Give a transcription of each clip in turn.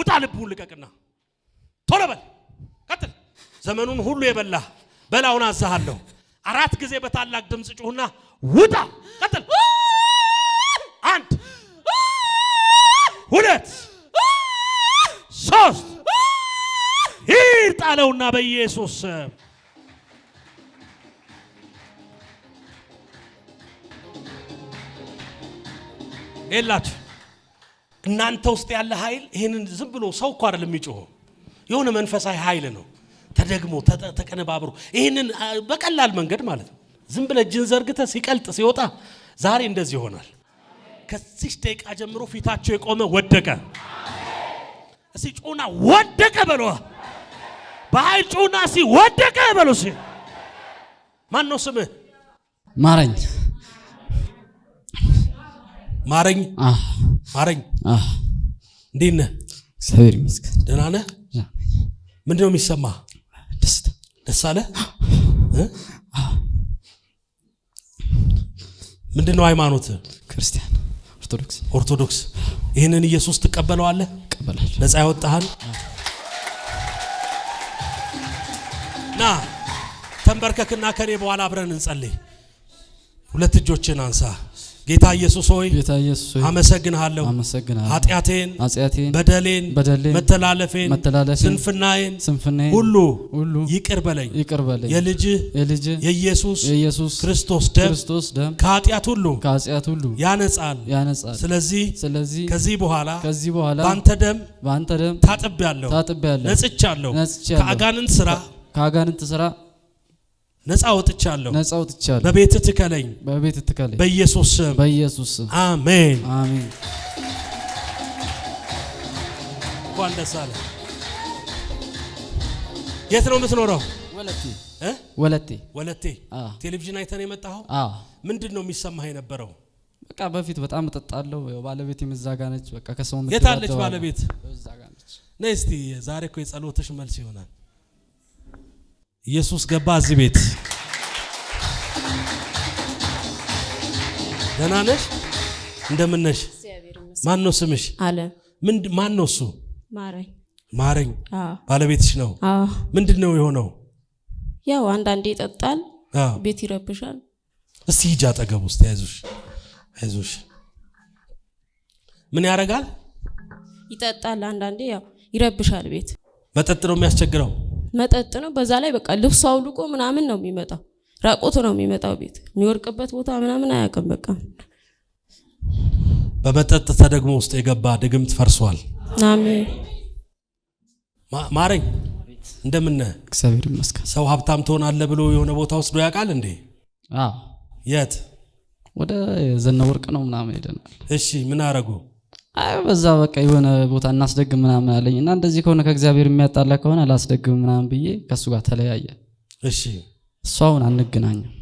ውጣ፣ ልቡን ልቀቅና ቶሎ በል ቀጥል። ዘመኑን ሁሉ የበላ በላውን አዛሃለሁ። አራት ጊዜ በታላቅ ድምፅ ጩሁና ውጣ፣ ቀጥል። አንድ ሁለት ሶስት ሂድ ጣለውና በኢየሱስ የላችሁ እናንተ ውስጥ ያለ ኃይል ይህንን ዝም ብሎ ሰው እኮ አይደለም የሚጮኸው፣ የሆነ መንፈሳዊ ኃይል ነው። ተደግሞ ተቀነባብሮ ይህንን በቀላል መንገድ ማለት ነው። ዝም ብለ እጅን ዘርግተ ሲቀልጥ ሲወጣ ዛሬ እንደዚህ ይሆናል። ከዚች ደቂቃ ጀምሮ ፊታቸው የቆመ ወደቀ። እሲ ጩና ወደቀ በሎ በኃይል ጩና ሲ ወደቀ በሎ። ማን ነው ስምህ? ማረኝ ማረኝ ማረኝ። እንዴት ነህ? እግዚአብሔር ይመስገን። ደህና ነህ? ምንድን ነው ደስ አለ ምንድን ነው ሃይማኖት? ክርስቲያን ኦርቶዶክስ። ኦርቶዶክስ። ይህንን ኢየሱስ ትቀበለዋለህ? እቀበላለሁ። ነፃ ያወጣሃል ና ተንበርከክና ከኔ በኋላ አብረን እንጸልይ። ሁለት እጆችን አንሳ። ጌታ ኢየሱስ ሆይ ጌታ ኢየሱስ ሆይ አመሰግናለሁ ኃጢአቴን ኃጢአቴን በደሌን በደሌን መተላለፌን መተላለፌን ስንፍናዬን ስንፍናዬን ሁሉ ሁሉ ይቅር በለኝ ይቅር በለኝ የልጅ የልጅ የኢየሱስ የኢየሱስ ክርስቶስ ደም ክርስቶስ ደም ከኃጢአት ሁሉ ከኃጢአት ሁሉ ያነጻል ያነጻል ስለዚህ ስለዚህ ከዚህ በኋላ ከዚህ በኋላ ባንተ ደም ባንተ ደም ታጥቤያለሁ ታጥቤያለሁ ነጽቻለሁ ነጽቻለሁ ከአጋንንት ስራ ከአጋንንት ስራ ነፃ ወጥቻለሁ። ወጥቻለሁ። በቤት ትከለኝ። በቤት ትከለኝ። በኢየሱስ ስም። በኢየሱስ ስም። አሜን። አሜን። እንኳን ደስ አለ። የት ነው የምትኖረው? ወለቴ እ ወለቴ ወለቴ። ቴሌቪዥን አይተን የመጣኸው? አዎ። ምንድን ነው የሚሰማህ የነበረው? በቃ በፊት በጣም እጠጣለሁ። ያው ባለቤት የምዛጋ ነች። በቃ ከሰው ባለቤት? ነይ እስቲ ዛሬ እኮ የጸሎትሽ መልስ ይሆናል። ኢየሱስ ገባ እዚህ ቤት። ደህና ነሽ? እንደምን ነሽ? ማን ነው ስምሽ? ማን ነው እሱ? ማረኝ ማረኝ ባለቤትሽ ነው? ምንድን ነው የሆነው? ያው አንዳንዴ ይጠጣል፣ ቤት ይረብሻል። እስቲ ሂጂ አጠገብ ውስጥ አይዞሽ፣ አይዞሽ። ምን ያደርጋል? ይጠጣል። አንዳንዴ ያው ይረብሻል ቤት። መጠጥ ነው የሚያስቸግረው መጠጥ ነው። በዛ ላይ በቃ ልብሱ አውልቆ ምናምን ነው የሚመጣው፣ ራቆቱ ነው የሚመጣው ቤት የሚወርቅበት ቦታ ምናምን አያውቅም። በቃ በመጠጥ ተደግሞ ውስጥ የገባ ድግምት ፈርሷል። አሜን። ማረኝ እንደምነ እግዚአብሔር ይመስገን። ሰው ሀብታም ትሆናለህ ብሎ የሆነ ቦታ ወስዶ ያውቃል እንዴ? የት? ወደ ወርቅ ነው ምናምን ሄደናል። እሺ ምን አረጉ? በዛ በቃ የሆነ ቦታ እናስደግም ምናምን አለኝ እና እንደዚህ ከሆነ ከእግዚአብሔር የሚያጣላ ከሆነ አላስደግም ምናምን ብዬ ከእሱ ጋር ተለያየ። እሺ እሱ አሁን አንገናኝም።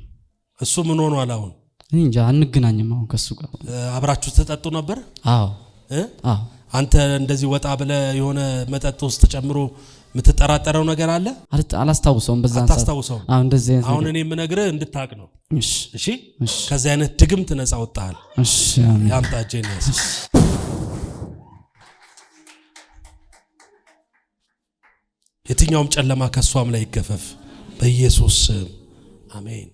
እሱ ምን ሆኗል አሁን? እንጃ አንገናኝም። አሁን ከእሱ ጋር አብራችሁ ተጠጡ ነበር? አዎ አዎ። አንተ እንደዚህ ወጣ ብለህ የሆነ መጠጥ ውስጥ ተጨምሮ የምትጠራጠረው ነገር አለ? አላስታውሰውም። በዛ አታስታውሰው። አሁን እንደዚህ አይነት አሁን እኔ የምነግርህ እንድታቅ ነው። እሺ እሺ። ከዚህ አይነት ድግምት ነፃ ወጣሃል። እሺ አሜን። ያምጣ ጄኒያስ የትኛውም ጨለማ ከእሷም ላይ ይገፈፍ በኢየሱስ ስም አሜን።